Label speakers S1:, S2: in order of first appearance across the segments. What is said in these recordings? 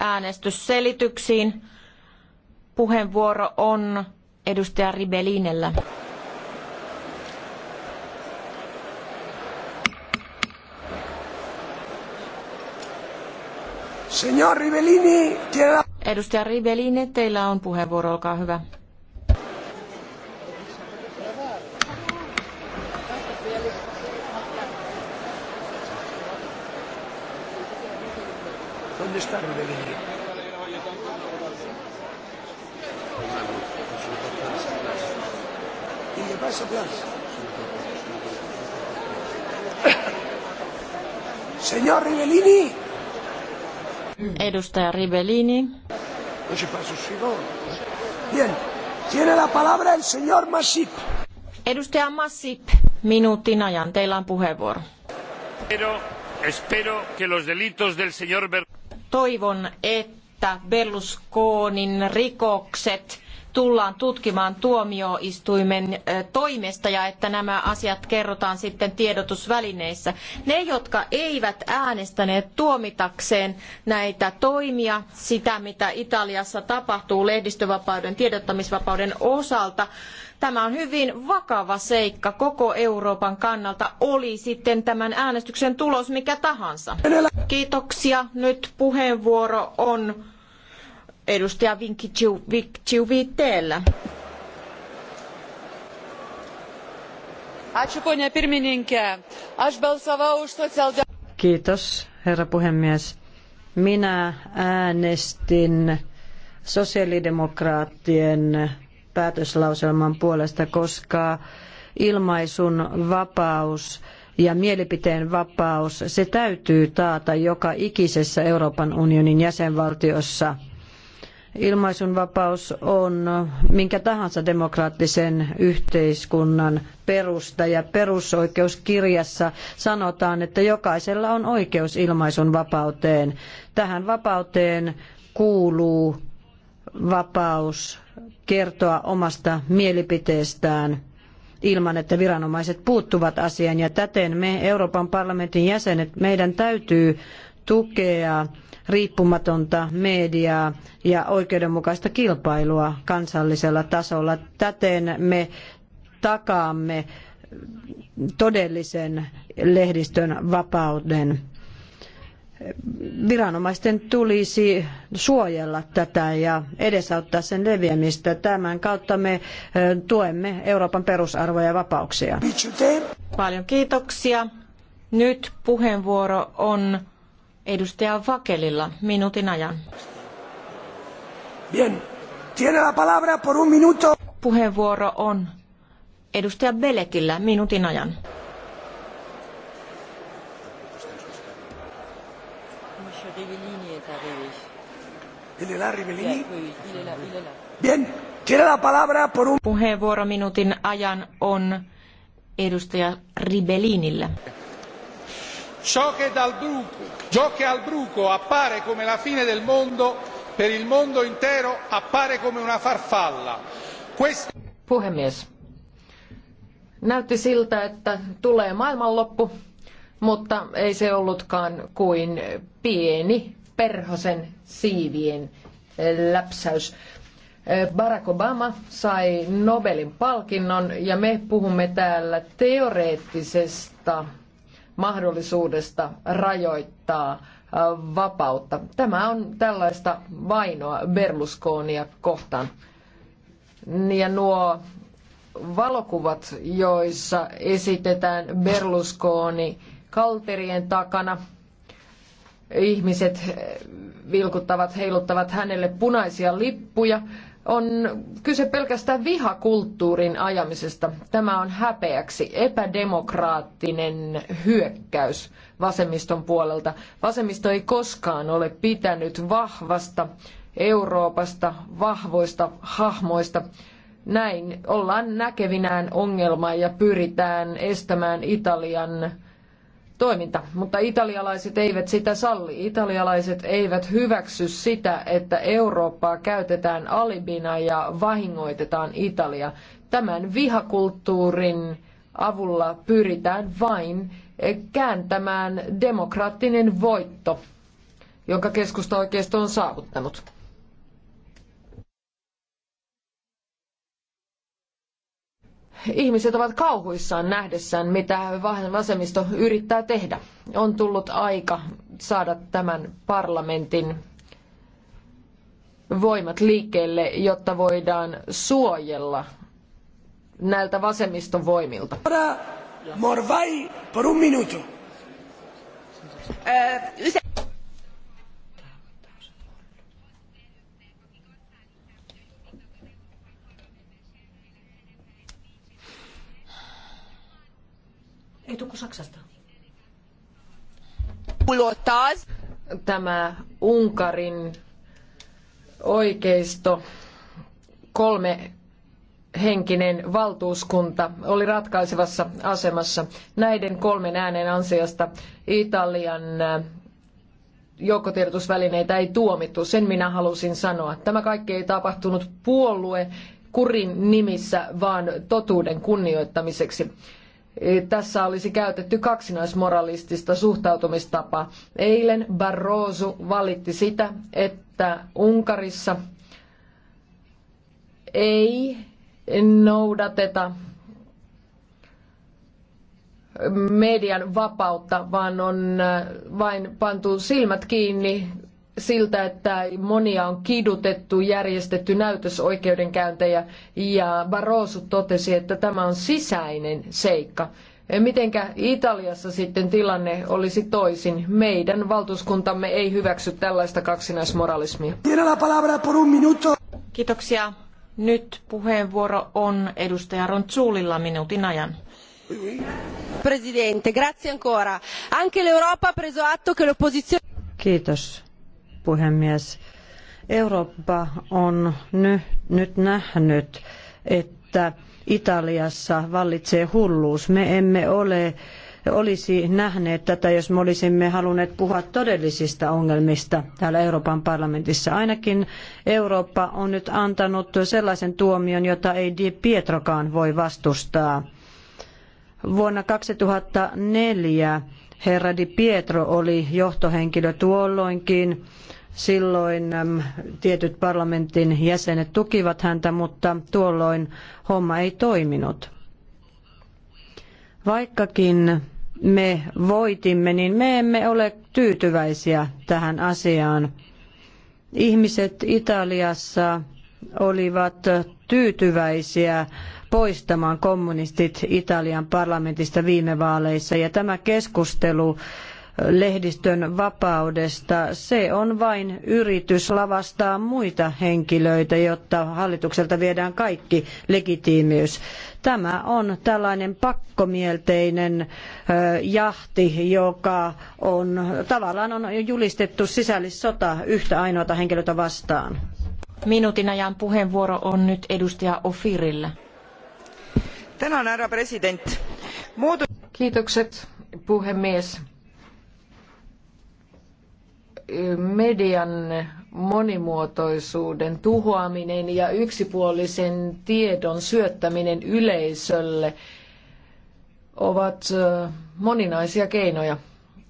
S1: äänestysselityksiin. Puheenvuoro on edustaja Ribelinellä. Signor Rivellini, tiedä... Edustaja Rivellini, teillä on puheenvuoro, olkaa hyvä.
S2: ¿Dónde está lo del inglés? ¿Y qué pasa, Plans? Señor Rivellini.
S1: Edustaja Rivellini. No se pasa,
S2: Bien. Tiene la palabra
S1: el señor Masip. Edustaja Masip, minuutin ajan. Teillä on puheenvuoro.
S2: Pero espero que los delitos del señor Ber...
S1: Toivon, että Berlusconin rikokset tullaan tutkimaan tuomioistuimen toimesta ja että nämä asiat kerrotaan sitten tiedotusvälineissä. Ne, jotka eivät äänestäneet tuomitakseen näitä toimia, sitä mitä Italiassa tapahtuu lehdistövapauden, tiedottamisvapauden osalta, Tämä on hyvin vakava seikka koko Euroopan kannalta, oli sitten tämän äänestyksen tulos mikä tahansa. Kiitoksia. Nyt puheenvuoro on edustaja Vinkki Chiuviteellä.
S3: Kiitos, herra puhemies. Minä äänestin sosiaalidemokraattien päätöslauselman puolesta, koska ilmaisun vapaus ja mielipiteen vapaus, se täytyy taata joka ikisessä Euroopan unionin jäsenvaltiossa. vapaus on minkä tahansa demokraattisen yhteiskunnan perusta ja perusoikeuskirjassa sanotaan, että jokaisella on oikeus vapauteen. Tähän vapauteen kuuluu vapaus kertoa omasta mielipiteestään ilman, että viranomaiset puuttuvat asiaan. Ja täten me Euroopan parlamentin jäsenet, meidän täytyy tukea riippumatonta mediaa ja oikeudenmukaista kilpailua kansallisella tasolla. Täten me takaamme todellisen lehdistön vapauden viranomaisten tulisi suojella tätä ja edesauttaa sen leviämistä. Tämän kautta me tuemme Euroopan perusarvoja ja vapauksia.
S1: Paljon kiitoksia. Nyt puheenvuoro on edustaja Vakelilla minuutin ajan. Bien. Tiene la palabra por un minuto. Puheenvuoro on edustaja Belekillä minuutin ajan.
S4: est arrivé.
S2: Il est là, Rivellini?
S4: oui, il est là, il est là.
S2: Bien. Tiene la palabra por un...
S1: Puheenvuoro minuutin ajan on edustaja Ribellinillä.
S2: Ciò che dal bruco, ciò che al bruco appare come la fine del mondo, per il mondo intero appare come una farfalla. Questo...
S4: Puhemies, näytti siltä, että tulee maailmanloppu, mutta ei se ollutkaan kuin pieni perhosen siivien eh, läpsäys. Eh, Barack Obama sai Nobelin palkinnon ja me puhumme täällä teoreettisesta mahdollisuudesta rajoittaa eh, vapautta. Tämä on tällaista vainoa Berlusconia kohtaan. Ja nuo valokuvat, joissa esitetään Berlusconi kalterien takana – ihmiset vilkuttavat, heiluttavat hänelle punaisia lippuja. On kyse pelkästään vihakulttuurin ajamisesta. Tämä on häpeäksi epädemokraattinen hyökkäys vasemmiston puolelta. Vasemmisto ei koskaan ole pitänyt vahvasta Euroopasta, vahvoista hahmoista. Näin ollaan näkevinään ongelma ja pyritään estämään Italian toiminta, mutta italialaiset eivät sitä salli. Italialaiset eivät hyväksy sitä, että Eurooppaa käytetään alibina ja vahingoitetaan Italia. Tämän vihakulttuurin avulla pyritään vain kääntämään demokraattinen voitto, jonka keskusta oikeisto on saavuttanut. Ihmiset ovat kauhuissaan nähdessään, mitä vasemmisto yrittää tehdä. On tullut aika saada tämän parlamentin voimat liikkeelle, jotta voidaan suojella näiltä vasemmiston voimilta. Morvai, por un minuto. Ei Saksasta. Taas. Tämä Unkarin oikeisto kolme henkinen valtuuskunta oli ratkaisevassa asemassa. Näiden kolmen äänen ansiosta Italian äh, joukkotiedotusvälineitä ei tuomittu. Sen minä halusin sanoa. Tämä kaikki ei tapahtunut puolue kurin nimissä, vaan totuuden kunnioittamiseksi tässä olisi käytetty kaksinaismoralistista suhtautumistapaa. Eilen Barroso valitti sitä, että Unkarissa ei noudateta median vapautta, vaan on äh, vain pantu silmät kiinni siltä, että monia on kidutettu, järjestetty näytösoikeudenkäyntejä ja Barroso totesi, että tämä on sisäinen seikka. Mitenkä Italiassa sitten tilanne olisi toisin? Meidän valtuuskuntamme ei hyväksy tällaista kaksinaismoralismia. Kiitoksia. Nyt puheenvuoro on
S1: edustaja Rontsuulilla minuutin ajan
S3: presidente grazie ancora anche l'europa ha preso atto che l'opposizione. kiitos puhemies. Eurooppa on ny, nyt nähnyt, että Italiassa vallitsee hulluus. Me emme ole olisi nähneet tätä, jos me olisimme halunneet puhua todellisista ongelmista täällä Euroopan parlamentissa. Ainakin Eurooppa on nyt antanut sellaisen tuomion, jota ei Di Pietrokaan voi vastustaa. Vuonna 2004 herra Di Pietro oli johtohenkilö tuolloinkin Silloin tietyt parlamentin jäsenet tukivat häntä, mutta tuolloin homma ei toiminut. Vaikkakin me voitimme, niin me emme ole tyytyväisiä tähän asiaan. Ihmiset Italiassa olivat tyytyväisiä poistamaan kommunistit Italian parlamentista viime vaaleissa ja tämä keskustelu lehdistön vapaudesta. Se on vain yritys lavastaa muita henkilöitä, jotta hallitukselta viedään kaikki legitiimiys. Tämä on tällainen pakkomielteinen jahti, joka on tavallaan on julistettu sisällissota yhtä ainoata henkilötä vastaan.
S1: Minuutin ajan puheenvuoro on nyt edustaja Ofirille. Tänään herra president.
S4: Kiitokset puhemies median monimuotoisuuden tuhoaminen ja yksipuolisen tiedon syöttäminen yleisölle ovat moninaisia keinoja,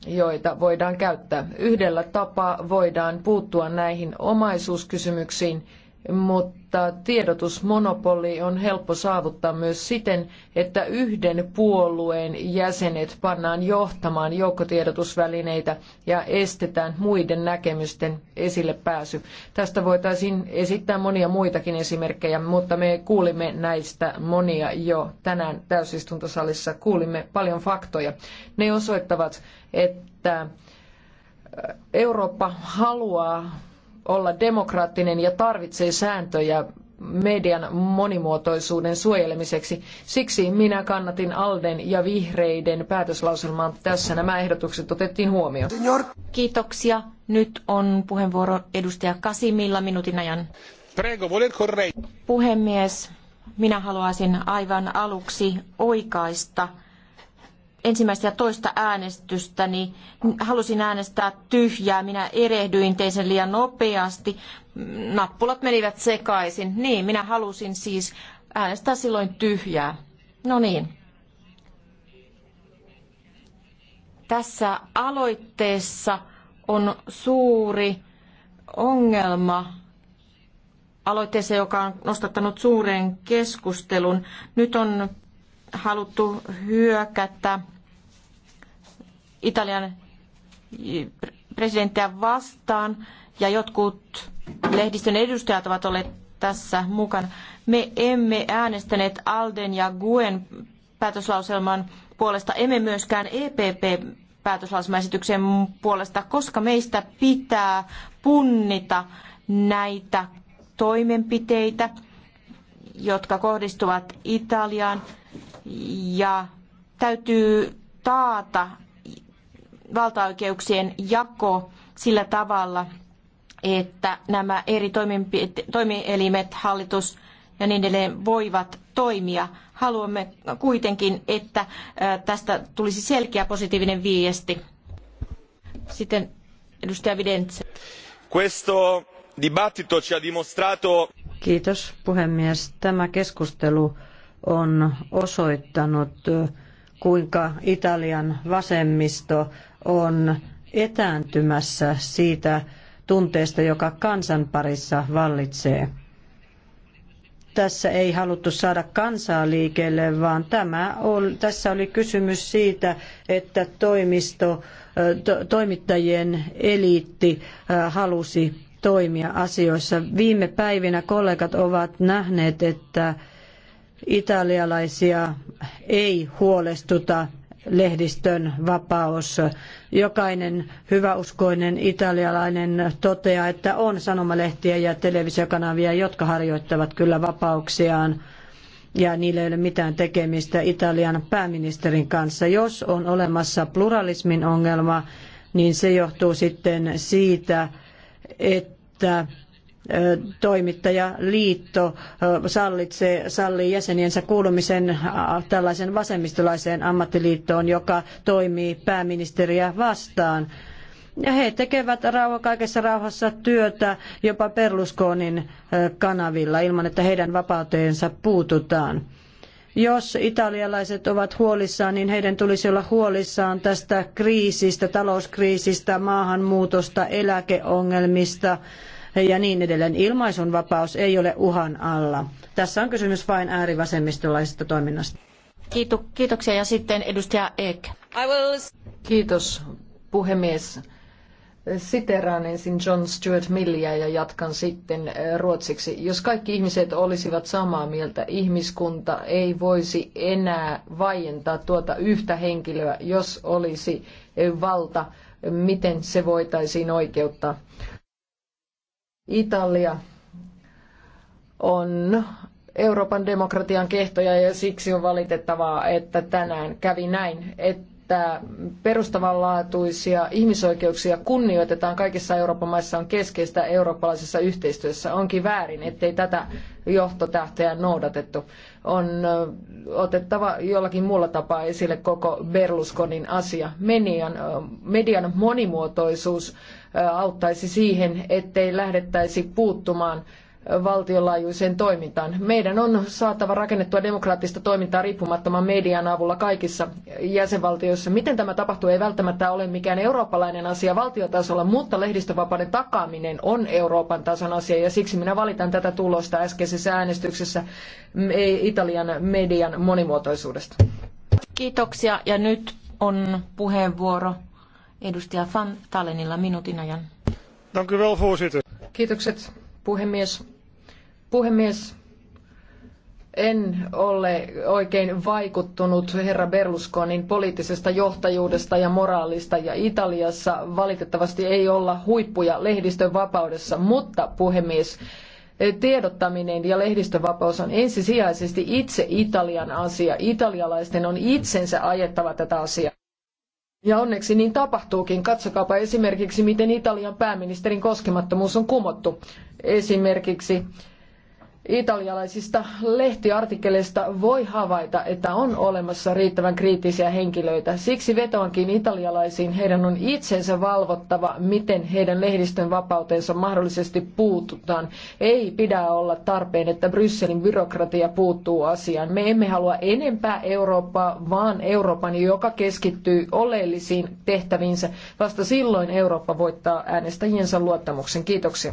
S4: joita voidaan käyttää. Yhdellä tapaa voidaan puuttua näihin omaisuuskysymyksiin – mutta tiedotusmonopoli on helppo saavuttaa myös siten, että yhden puolueen jäsenet pannaan johtamaan joukkotiedotusvälineitä ja estetään muiden näkemysten esille pääsy. Tästä voitaisiin esittää monia muitakin esimerkkejä, mutta me kuulimme näistä monia jo tänään täysistuntosalissa. Kuulimme paljon faktoja. Ne osoittavat, että Eurooppa haluaa olla demokraattinen ja tarvitsee sääntöjä median monimuotoisuuden suojelemiseksi. Siksi minä kannatin Alden ja vihreiden päätöslauselmaa. Tässä nämä ehdotukset otettiin huomioon. Kiitoksia. Nyt on puheenvuoro edustaja
S1: Kasimilla minuutin ajan. Prego, Puhemies, minä haluaisin aivan aluksi oikaista ensimmäistä ja toista äänestystä, niin halusin äänestää tyhjää. Minä erehdyin, tein sen liian nopeasti. Nappulat menivät sekaisin. Niin, minä halusin siis äänestää silloin tyhjää. No niin. Tässä aloitteessa on suuri ongelma aloitteeseen, joka on nostattanut suuren keskustelun. Nyt on haluttu hyökätä Italian presidenttiä vastaan ja jotkut lehdistön edustajat ovat olleet tässä mukana. Me emme äänestäneet Alden ja Guen päätöslauselman puolesta, emme myöskään EPP päätöslauselmaesityksen puolesta, koska meistä pitää punnita näitä toimenpiteitä jotka kohdistuvat Italiaan ja täytyy taata valtaoikeuksien jako sillä tavalla, että nämä eri toimielimet, hallitus ja niin edelleen voivat toimia. Haluamme kuitenkin, että tästä tulisi selkeä positiivinen
S3: viesti. Sitten edustaja
S2: Questo dibattito ci ha dimostrato
S3: Kiitos puhemies. Tämä keskustelu on osoittanut, kuinka Italian vasemmisto on etääntymässä siitä tunteesta, joka kansan parissa vallitsee. Tässä ei haluttu saada kansaa liikkeelle, vaan tämä oli, tässä oli kysymys siitä, että toimisto, to, toimittajien eliitti halusi toimia asioissa. Viime päivinä kollegat ovat nähneet, että italialaisia ei huolestuta lehdistön vapaus. Jokainen hyväuskoinen italialainen toteaa, että on sanomalehtiä ja televisiokanavia, jotka harjoittavat kyllä vapauksiaan ja niillä ei ole mitään tekemistä Italian pääministerin kanssa. Jos on olemassa pluralismin ongelma, niin se johtuu sitten siitä, että toimittajaliitto sallitsee, sallii jäseniensä kuulumisen tällaisen vasemmistolaiseen ammattiliittoon, joka toimii pääministeriä vastaan. Ja he tekevät rauha, kaikessa rauhassa työtä jopa Perluskonin kanavilla ilman, että heidän vapauteensa puututaan. Jos italialaiset ovat huolissaan, niin heidän tulisi olla huolissaan tästä kriisistä, talouskriisistä, maahanmuutosta, eläkeongelmista ja niin edelleen. Ilmaisunvapaus ei ole uhan alla. Tässä on kysymys vain äärivasemmistolaisesta toiminnasta.
S4: kiitoksia ja sitten edustaja Ek. Kiitos puhemies. Siteraan ensin John Stuart Milliä ja jatkan sitten eh, ruotsiksi. Jos kaikki ihmiset olisivat samaa mieltä, ihmiskunta ei voisi enää vaientaa tuota yhtä henkilöä, jos olisi eh, valta, miten se voitaisiin oikeuttaa. Italia on Euroopan demokratian kehtoja ja siksi on valitettavaa, että tänään kävi näin, että että perustavanlaatuisia ihmisoikeuksia kunnioitetaan kaikissa Euroopan maissa on keskeistä eurooppalaisessa yhteistyössä. Onkin väärin, ettei tätä johtotähteä noudatettu. On otettava jollakin muulla tapaa esille koko Berlusconin asia. Median, median monimuotoisuus auttaisi siihen, ettei lähdettäisi puuttumaan valtionlaajuiseen toimintaan. Meidän on saatava rakennettua demokraattista toimintaa riippumattoman median avulla kaikissa jäsenvaltioissa. Miten tämä tapahtuu ei välttämättä ole mikään eurooppalainen asia valtiotasolla, mutta lehdistövapauden takaaminen on Euroopan tason asia ja siksi minä valitan tätä tulosta äskeisessä äänestyksessä mm, Italian median monimuotoisuudesta.
S1: Kiitoksia ja nyt on puheenvuoro edustaja Van Talenilla minuutin ajan.
S2: Dank u wel, voorzitter.
S4: Kiitokset, puhemies. Puhemies, en ole oikein vaikuttunut herra Berlusconin poliittisesta johtajuudesta ja moraalista ja Italiassa valitettavasti ei olla huippuja lehdistön vapaudessa, mutta puhemies, tiedottaminen ja lehdistönvapaus on ensisijaisesti itse Italian asia. Italialaisten on itsensä ajettava tätä asiaa. Ja onneksi niin tapahtuukin. Katsokaapa esimerkiksi, miten Italian pääministerin koskemattomuus on kumottu. Esimerkiksi italialaisista lehtiartikkeleista voi havaita, että on olemassa riittävän kriittisiä henkilöitä. Siksi vetoankin italialaisiin, heidän on itsensä valvottava, miten heidän lehdistön vapautensa mahdollisesti puututaan. Ei pidä olla tarpeen, että Brysselin byrokratia puuttuu asiaan. Me emme halua enempää Eurooppaa, vaan Euroopan, joka keskittyy oleellisiin tehtäviinsä. Vasta silloin Eurooppa voittaa äänestäjiensä luottamuksen. Kiitoksia.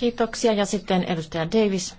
S4: Kiitoksia. Ja sitten edustaja Davis.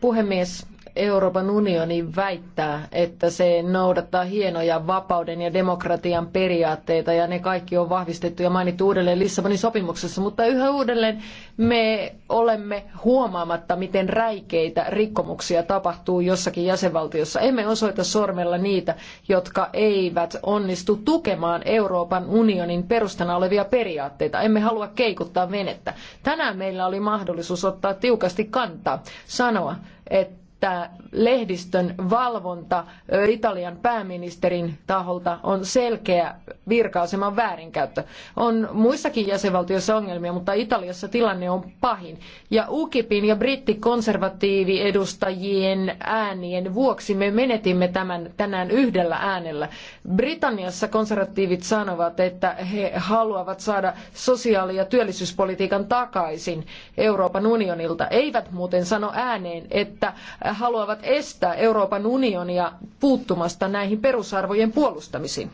S4: Puhemies, Euroopan unioni väittää, että se noudattaa hienoja vapauden ja demokratian periaatteita ja ne kaikki on vahvistettu ja mainittu uudelleen Lissabonin sopimuksessa, mutta yhä uudelleen me olemme huomaamatta, miten räikeitä rikkomuksia tapahtuu jossakin jäsenvaltiossa. Emme osoita sormella niitä, jotka eivät onnistu tukemaan Euroopan unionin perustana olevia periaatteita. Emme halua keikuttaa venettä. Tänään meillä oli mahdollisuus ottaa tiukasti kantaa, sanoa, että että lehdistön valvonta Italian pääministerin taholta on selkeä virka-aseman väärinkäyttö. On muissakin jäsenvaltioissa ongelmia, mutta Italiassa tilanne on pahin. Ja UKIPin ja brittikonservatiiviedustajien äänien vuoksi me menetimme tämän tänään yhdellä äänellä. Britanniassa konservatiivit sanovat, että he haluavat saada sosiaali- ja työllisyyspolitiikan takaisin Euroopan unionilta. Eivät muuten sano ääneen, että haluavat estää Euroopan unionia puuttumasta näihin perusarvojen puolustamisiin.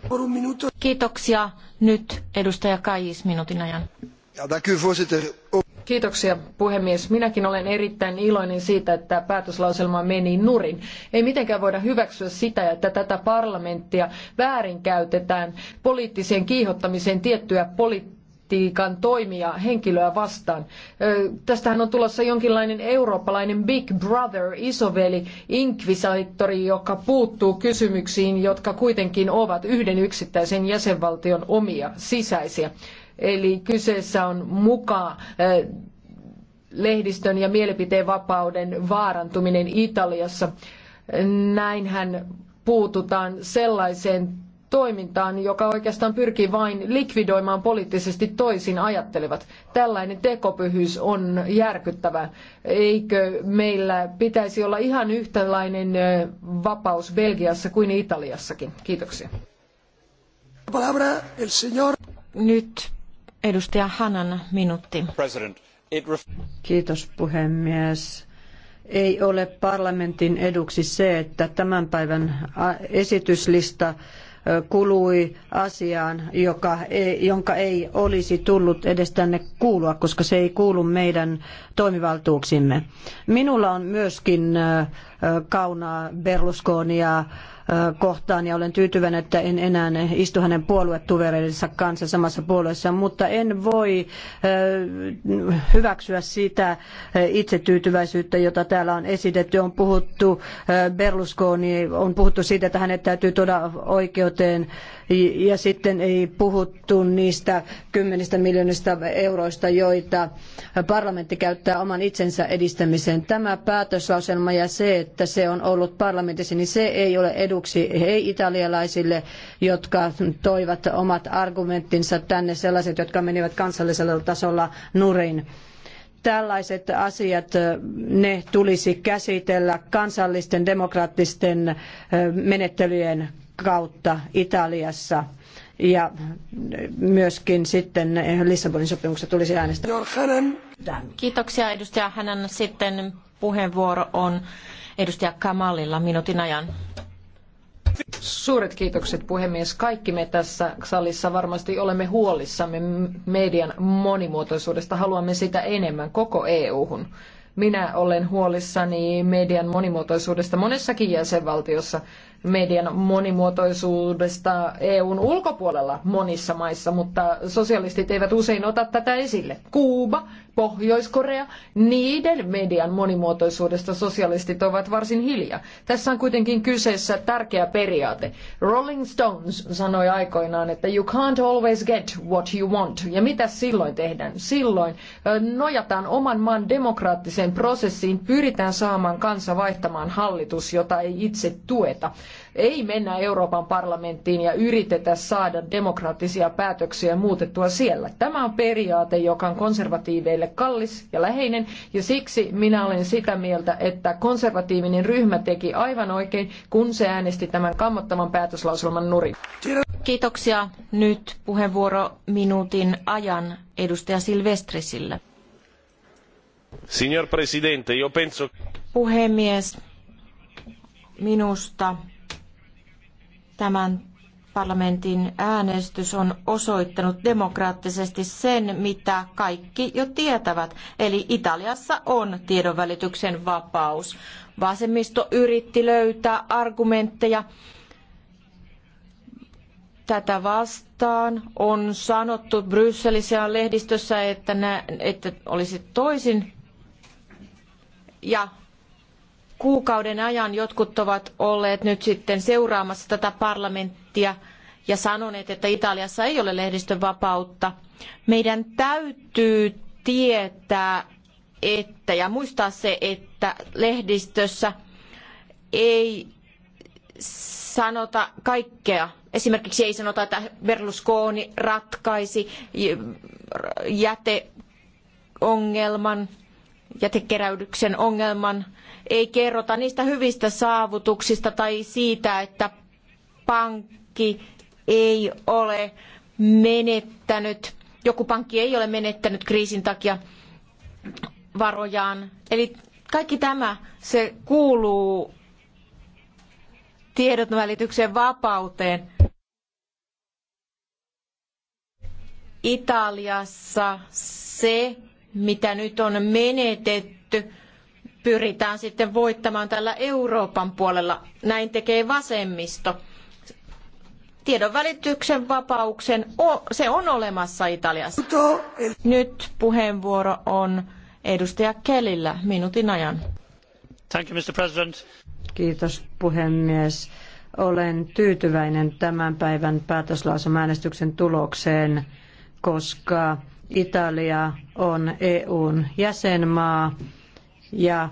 S4: Kiitoksia. Nyt edustaja Kajis minuutin ajan. Kiitoksia puhemies. Minäkin olen erittäin iloinen siitä, että päätöslauselma meni nurin. Ei mitenkään voida hyväksyä sitä, että tätä parlamenttia väärinkäytetään poliittiseen kiihottamiseen tiettyä poliittista politiikan toimia henkilöä vastaan. Tästähän on tulossa jonkinlainen eurooppalainen Big Brother, isoveli, inkvisaittori, joka puuttuu kysymyksiin, jotka kuitenkin ovat yhden yksittäisen jäsenvaltion omia sisäisiä. Eli kyseessä on mukaan lehdistön ja mielipiteenvapauden vaarantuminen Italiassa. Näinhän puututaan sellaiseen toimintaan, joka oikeastaan pyrkii vain likvidoimaan poliittisesti toisin ajattelevat. Tällainen tekopyhyys on järkyttävä. Eikö meillä pitäisi olla ihan yhtälainen vapaus Belgiassa kuin Italiassakin? Kiitoksia.
S1: Nyt edustaja Hanan minuutti.
S3: Kiitos puhemies ei ole parlamentin eduksi se, että tämän päivän esityslista kului asiaan, joka ei, jonka ei olisi tullut edes tänne kuulua, koska se ei kuulu meidän toimivaltuuksimme. Minulla on myöskin kaunaa Berlusconia kohtaan ja olen tyytyväinen, että en enää istu hänen puoluetuvereidensa kanssa samassa puolueessa, mutta en voi hyväksyä sitä itsetyytyväisyyttä, jota täällä on esitetty. On puhuttu Berlusconi, on puhuttu siitä, että hänet täytyy tuoda oikeuteen ja sitten ei puhuttu niistä kymmenistä miljoonista euroista, joita parlamentti käyttää oman itsensä edistämiseen. Tämä päätöslauselma ja se, että se on ollut parlamentissa, niin se ei ole edu eduksi ei-italialaisille, jotka toivat omat argumenttinsa tänne, sellaiset, jotka menivät kansallisella tasolla nurin tällaiset asiat, ne tulisi käsitellä kansallisten demokraattisten menettelyjen kautta Italiassa. Ja myöskin sitten Lissabonin sopimuksesta tulisi äänestää.
S1: Kiitoksia edustaja Hänen. Sitten
S4: puheenvuoro on edustaja Kamalilla minuutin ajan. Suuret kiitokset puhemies. Kaikki me tässä salissa varmasti olemme huolissamme median monimuotoisuudesta. Haluamme sitä enemmän koko EU-hun. Minä olen huolissani median monimuotoisuudesta monessakin jäsenvaltiossa median monimuotoisuudesta EUn ulkopuolella monissa maissa, mutta sosialistit eivät usein ota tätä esille. Kuuba, Pohjois-Korea, niiden median monimuotoisuudesta sosialistit ovat varsin hiljaa. Tässä on kuitenkin kyseessä tärkeä periaate. Rolling Stones sanoi aikoinaan, että you can't always get what you want. Ja mitä silloin tehdään? Silloin nojataan oman maan demokraattiseen prosessiin, pyritään saamaan kansa vaihtamaan hallitus, jota ei itse tueta. Ei mennä Euroopan parlamenttiin ja yritetä saada demokraattisia päätöksiä muutettua siellä. Tämä on periaate, joka on konservatiiveille kallis ja läheinen, ja siksi minä olen sitä mieltä, että konservatiivinen ryhmä teki aivan oikein, kun se äänesti tämän kammottavan päätöslauselman nurin. Kiitoksia. Nyt puheenvuoro minuutin ajan
S1: edustaja Silvestrisille.
S2: Signor Presidente, io penso...
S1: Puhemies, minusta Tämän parlamentin äänestys on osoittanut demokraattisesti sen, mitä kaikki jo tietävät. Eli Italiassa on tiedonvälityksen vapaus. Vasemmisto yritti löytää argumentteja tätä vastaan. On sanottu Brysselissä ja lehdistössä, että, nä, että olisi toisin. Ja kuukauden ajan jotkut ovat olleet nyt sitten seuraamassa tätä parlamenttia ja sanoneet, että Italiassa ei ole lehdistönvapautta. Meidän täytyy tietää että, ja muistaa se, että lehdistössä ei sanota kaikkea. Esimerkiksi ei sanota, että Berlusconi ratkaisi jäteongelman jätekeräydyksen ongelman, ei kerrota niistä hyvistä saavutuksista tai siitä, että pankki ei ole menettänyt, joku pankki ei ole menettänyt kriisin takia varojaan. Eli kaikki tämä, se kuuluu tiedonvälityksen vapauteen. Italiassa se mitä nyt on menetetty, pyritään sitten voittamaan tällä Euroopan puolella. Näin tekee vasemmisto. Tiedonvälityksen vapauksen, se on olemassa Italiassa. Nyt puheenvuoro on edustaja Kellillä minuutin ajan.
S3: Thank you, Mr. President. Kiitos puhemies. Olen tyytyväinen tämän päivän päätöslausumäänestyksen tulokseen, koska Italia on EUn jäsenmaa ja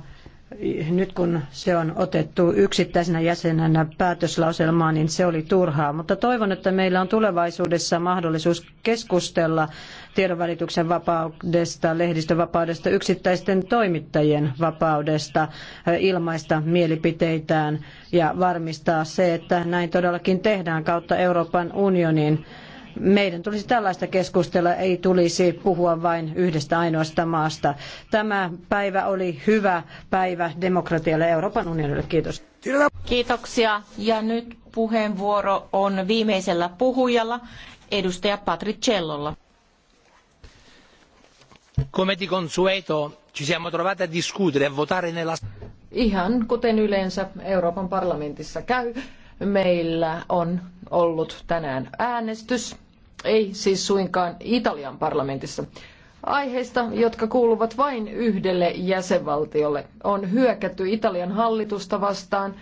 S3: nyt kun se on otettu yksittäisenä jäsenenä päätöslauselmaan, niin se oli turhaa. Mutta toivon, että meillä on tulevaisuudessa mahdollisuus keskustella tiedonvälityksen vapaudesta, lehdistönvapaudesta, yksittäisten toimittajien vapaudesta, ilmaista mielipiteitään ja varmistaa se, että näin todellakin tehdään kautta Euroopan unionin. Meidän tulisi tällaista keskustella, ei tulisi puhua vain yhdestä ainoasta maasta. Tämä päivä oli hyvä päivä demokratialle ja Euroopan unionille. Kiitos.
S1: Kiitoksia. Ja nyt puheenvuoro on viimeisellä puhujalla, edustaja Patricellolla.
S2: Come di consueto, ci siamo trovati a discutere e votare nella...
S4: Ihan kuten yleensä Euroopan parlamentissa käy, meillä on ollut tänään äänestys ei siis suinkaan Italian parlamentissa. Aiheista, jotka kuuluvat vain yhdelle jäsenvaltiolle, on hyökätty Italian hallitusta vastaan.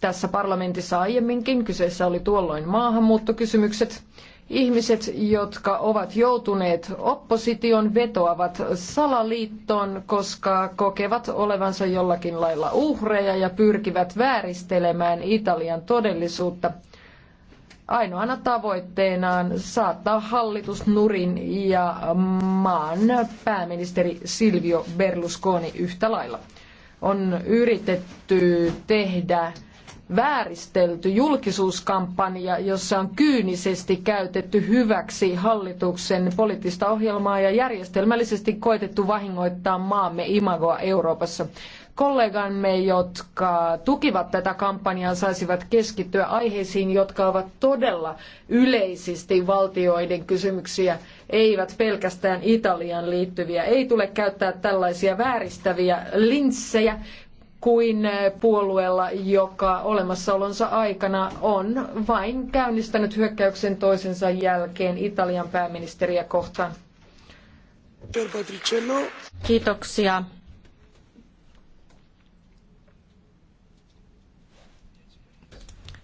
S4: Tässä parlamentissa aiemminkin kyseessä oli tuolloin maahanmuuttokysymykset. Ihmiset, jotka ovat joutuneet opposition, vetoavat salaliittoon, koska kokevat olevansa jollakin lailla uhreja ja pyrkivät vääristelemään Italian todellisuutta – ainoana tavoitteenaan saattaa hallitus nurin ja maan pääministeri Silvio Berlusconi yhtä lailla. On yritetty tehdä vääristelty julkisuuskampanja, jossa on kyynisesti käytetty hyväksi hallituksen poliittista ohjelmaa ja järjestelmällisesti koetettu vahingoittaa maamme imagoa Euroopassa kollegamme, jotka tukivat tätä kampanjaa, saisivat keskittyä aiheisiin, jotka ovat todella yleisesti valtioiden kysymyksiä, eivät pelkästään Italian liittyviä. Ei tule käyttää tällaisia vääristäviä linssejä kuin puolueella, joka olemassaolonsa aikana on vain käynnistänyt hyökkäyksen toisensa jälkeen Italian pääministeriä kohtaan. Kiitoksia.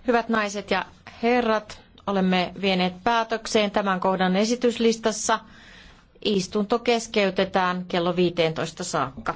S1: Hyvät naiset ja herrat, olemme vieneet päätökseen tämän kohdan esityslistassa. Istunto keskeytetään kello 15 saakka.